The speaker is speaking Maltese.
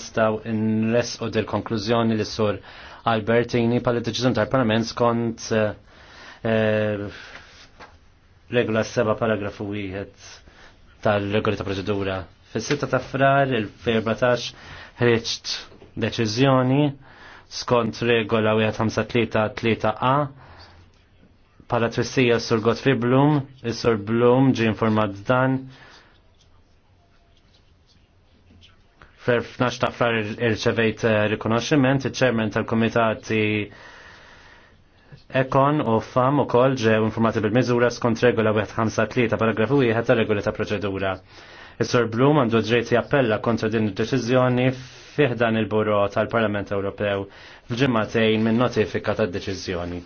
nistaw n-res u konklużjoni li sur Albertini pal-deċizjon tal-Parlament skont eh, eh, regola 7 paragrafu wieħed tal-regoli ta' proċedura. Fis-sitta ta' frar il-14 ħriġt deċiżjoni skont regola wieħed 3 a pala twissija sur Gottfried Blum, is-sur Blum ġi informat dan fl ta' frar irċevejt eh, rikonoxximent, il-ċermen tal-komitati Ekon u fam u kol ġew informati bil-mizura skont regola 153 paragrafu 1 ta' regola ta' proċedura. Is-Sor Blum għandu ġrejti appella kontra din id-deċiżjoni fiħdan il-Buro tal-Parlament Ewropew fil-ġimmatejn minn notifika tad-deċiżjoni.